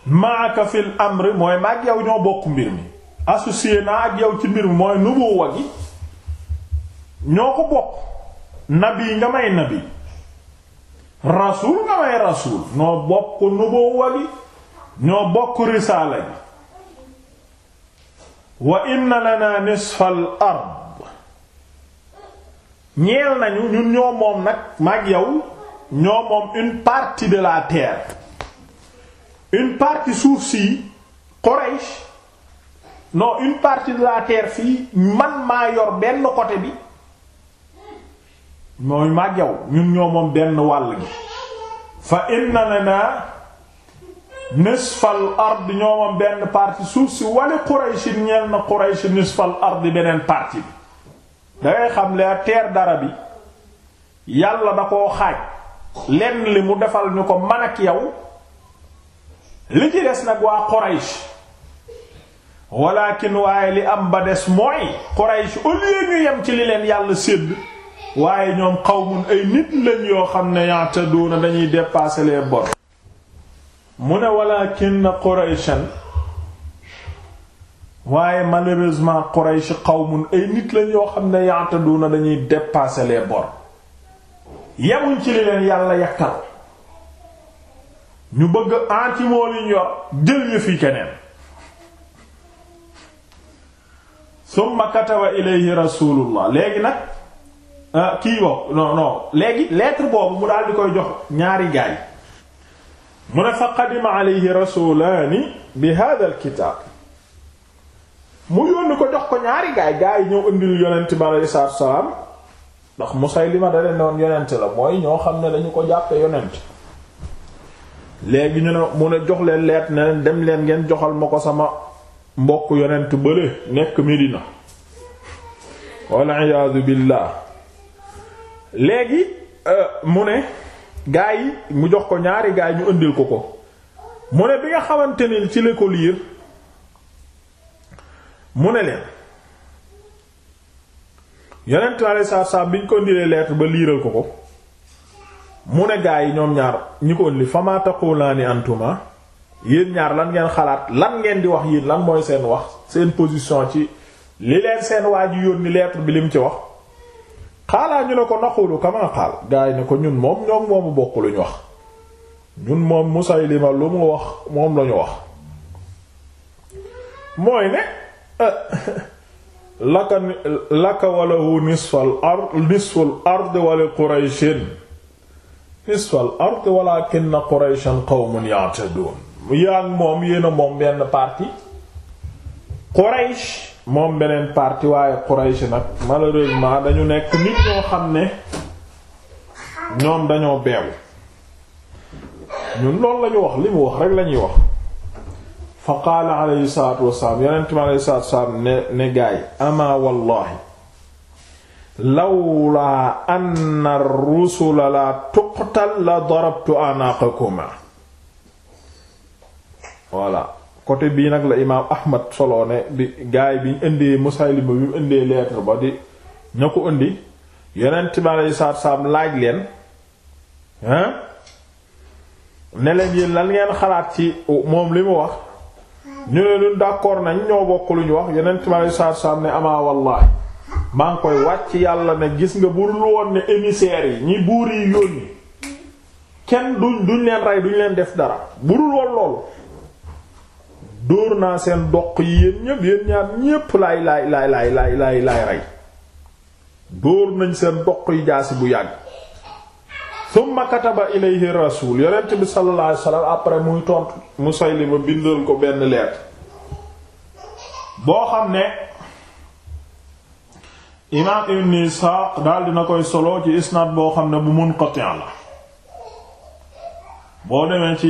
maaka fil amri mooy maag yow ñoo bokk mbir mi associé naa ak yow ci mbir mi mooy nubuwa gi ñoo ko bokk nabi nga may nabi rasul nga may rasul ñoo bokk nubuwa bi ñoo bokk risaala bi wa inna lana nisfal ard ñeel nañu ñun ñoo moom nag maag yow ñoo moom une de la terre une suuf si Quraysh non une partie de la terre fii man maa yor benn côté bi mooy mag yow ñun ñoo benn wàll gi fa ne naa nisfal ard ñoo benn partie suuf si wali Quraysh ñeel na Quraysh nisfal ard beneen partie bi dangay xam la terre dara bi yàlla da koo xaaj lenn li mu defal ñu ko man ak yow li ci des nag waa Quraysh walakin waaye li am ba des mooy Quraysh au lieu yem ci li leen yàlla sédd waaye ñoom qawmun ay nit lañ yoo xam ne ya'taduuna dañuy dépasser les bornes mu ne walakin qurayshan waaye malheureusement xaw qawmun ay nit lañ yoo xam ne ya'taduuna dañuy dépasser les bornes yemuñ ci li leen yàlla yàkkal ñu bëgg antimoo liñ yor jël fi keneen summa katawa ilayhi rasulullah léegi nag Ah, kii wo non non léegi lettre boobu mu dal di koy jox ñaari gaay mu ne fa qadima alayhi rasulaani bi hadha alkitaab mu yónni ko jox ko ñaari gaay gaay yi ñëw indil yonent bi alayhi salaatu wa salaam ndax Musaylima da leen yonent la mooy ñoo xam ne dañu ko jàppe yonent léegi ñu ne mu ne jox leen lettre ne dem leen ngeen joxal ma ko sama mbokk yonent bële nekk Medina wal iyaadu billah léegi euh, mu ne gaa yi mu jox ko ñaari gaa yi ñu indil ko ko mu ne bi nga xamante ni ci la ko liir mu ne leen yonent bi aleyhi salaatu salaam bi ñu ko indilee lettre ba liiral ko ko mu ne gaa yi ñoom ñaar ñi ko indi naa ni antuma yéen ñaar lan ngeen xalaat lan ngeen di wax yéen lan mooy seen wax seen position ci li leen seen waa yoon yónni lettre bi lim ci wax. xaalaa ñu ne ko naxulu kamaa xaal gaa yi ne ko ñun moom ñoom moomu bokk lu ñu wax ñun moom Musaylima lu mu wax moom lañu wax mooy ne eh, laka laka walahu nisfal ard nisfal ard wali qurayshin nisfal ard walakinna qurayshan qawmun ya'tadun yaa moom yéena moom benn parti quraysh moom beneen parti waaye Quraysh nag malheureusement dañu nekk nit ñoo xam ne ñoom dañoo beew ñun loolu la wax li mu wax rek lañuy wax fa qaala alayhi salaatu wasalaam yonent mi alayhi salaatu wasalaam ne ne la tuqtal la darabtu anaqakuma voilà côté bii nag la imaam ahmad solo ne bi gaay bi ñu indee Musaylima bi mu indee lettre ba di ña ko indi yeneen bi aleyhi salaatu salaam laaj leen hein ne leen yéen lan ngeen xalaat ci moom li mu wax ñu ne ñun d'accord nañ ñoo bokk lu ñu wax yeneen bi aleyhi salaatu salaam ne amaa maa ngi koy wàcc yàlla ne gis nga bu dul woon ne émissaires yi ñi buur yi yónni kenn duñ duñ leen rey duñ leen def dara bu dul woon loolu dóor naa seen doq yi yéen ñëpp yéen ñaar ñépp laay laay laay laay laay laay laay rey dóor nañ seen doq yi jaasi bu yàgg summa kataba ilayhi rasul yonent bi sallallahu alayhi wasallam après muy tontu Musaylima bindal ko benn lettre boo xam ne imaam Ibn Isaaq daal dina koy solo ci isnaad boo xam ne bu munqati' la boo demee ci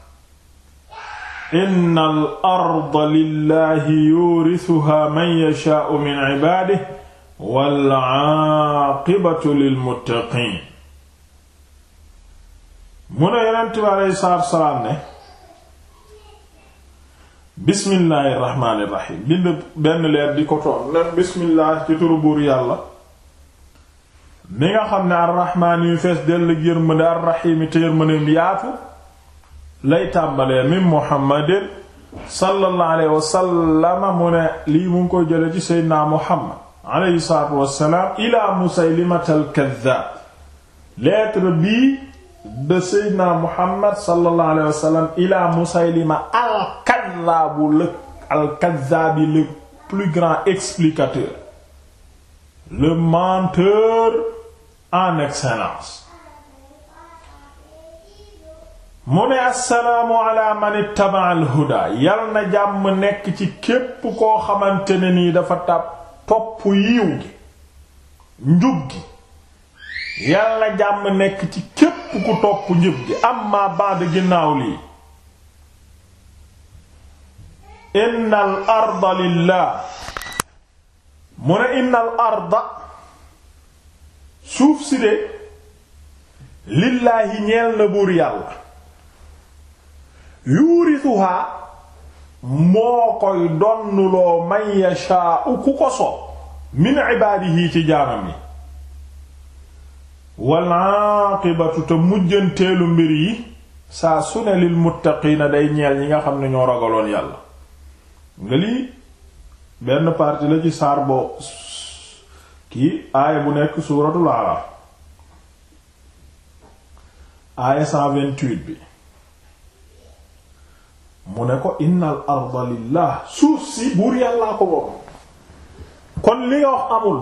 inna al arda lillahi yurisuha man yashaa'u min ibaadihi wal aaqibatu lil muttaqiin mu ne yonent bi aleyhi salaatu salaam ne bismillaahi rahmaani rahiim bind benn leer di ko toon ne bismillaah ci turu buur yàlla mi nga xam ne arrahmaan yu fees dell yërmande arrahiim te yërmandeem yaatu lay tàmbalee min muhammadin sallallahu alayhi mu ne lii mu ngi koy jële ci seydinaa muhammad alayhi salaatu wassalaam ila musaylimata alkaddaab lettre bii de seydinaa muhammad sallallahu alayhi wasallam ila le plus grand explicateur le menteur en excellence mu ne assalaamu ala man ittaba yal na jàmm nekk ci képp koo xamante ne nii dafa tab topp yiw gi njub gi yal na jàmm nekk ci képp ku topp njub gi amma baada ginnaaw lii inna al arda lillah mu ne inna al arda suuf si de lillaahi ñeel na buur yàlla yuurisuhaa moo koy donnuloo man yashaa'u ku ko so min ibaadihi ci jaamam yi wal aaqibatu te mujjanteelu mbir yi saa su ne lil muttaqiina day ñeel ñi nga xam ne ñoo ragaloon yàlla nga lii benn partie la ci saar boo aaya bu nekk suuratul Aaraaf aaya bi mu ne ko inna arda lillah suuf si buur yàllaa ko moom kon li nga wax amul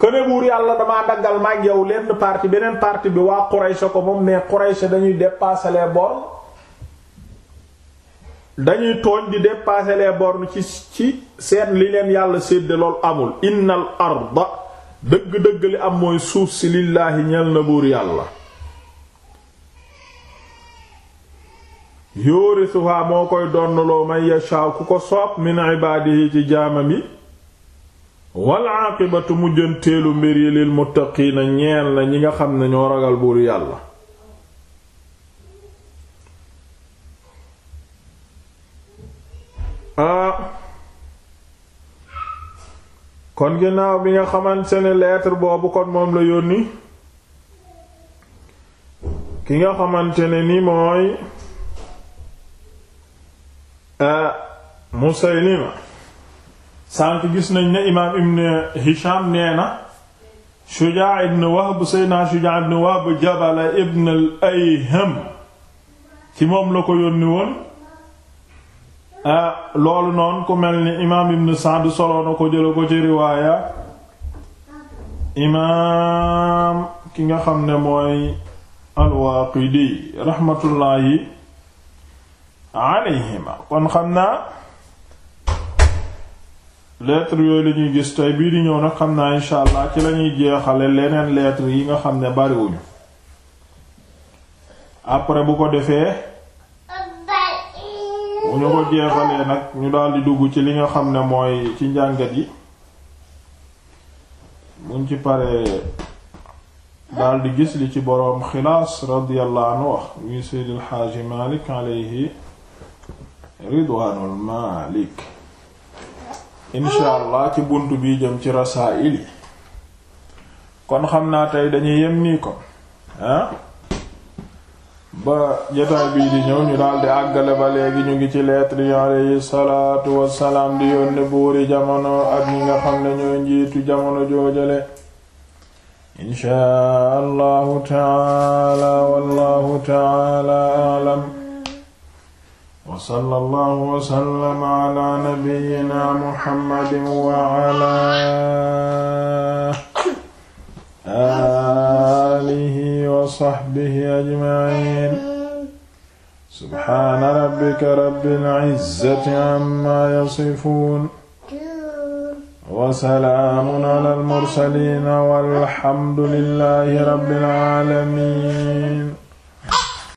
këne buur yàlla dama daggal maag yow lenn parti beneen parti bi waa Quraysh ko moom mais Quraysh dañuy dépasser les dañuy tooñ di dépasser les lu ci ci seen li leen yàlla sédde lool amul innal arda dëgg-dëgg li am mooy suuf si lillaahi ñeel na buur yàlla yórisuhaa moo koy donnloo man yashaa ku ko soob min ibaadihi ci jaamami wal aaqibatu mujjanteelu mbir yi lil muttaqiina ñeel na ñi nga xam ne ñoo ragal buur yàlla aa kon ginnaaw bi nga xamante ne lettre boobu kon moom la yónni ki nga xamante ne ni mooy Euh, Musaylima sànq gis nañ ne imaam Ibn Hisham nee na Shujaa ibn Wahb Seydina Shujaa ibn Wahb Jabala ibn al-Ayham ci moom la ko yónni woon euh, loolu noonu ku mel ni imaam Ibn Sa'd solo ko jëla ko ci riwaaya imaam ki nga xam ne mooy al raxmatullaahi alayhima kon xam naa lettre yooyu la gis tey bii di ñëw nag xam naa insha ci lañuy jeexale leneen lettre yi nga xam ne bariwuñu après bu ko defee bu ñu ko jeexalee nag ñu daldi dugg ci li nga xam ne mooy ci njàngat yi buñ ci paree daldi gis li ci boroom xilaas radiyallahu anhu wax muy Seydil Xaaji Maalik alayhi ridwaanul maalik insha allah ci bunt bi jëm ci rasaa'il yi kon xam naa tey dañuy yem nii ko ah ba jotaay bii di ñëw ñu di àggale ba léegi ñu ngi ci lettre yi alayhi salaatu wassalaam di jamono ak ñi nga xam ne ñoo njiitu jamono joojale insha allahu alam sallallahu wasallam ala nabiyyina muhammadin wa ala alihi wa sahbihi ajma'in subhaana rabbika rabbil izzati amma yasifun wa salaamun ala al mursaliin walhamdulillahi rabbil aalamiin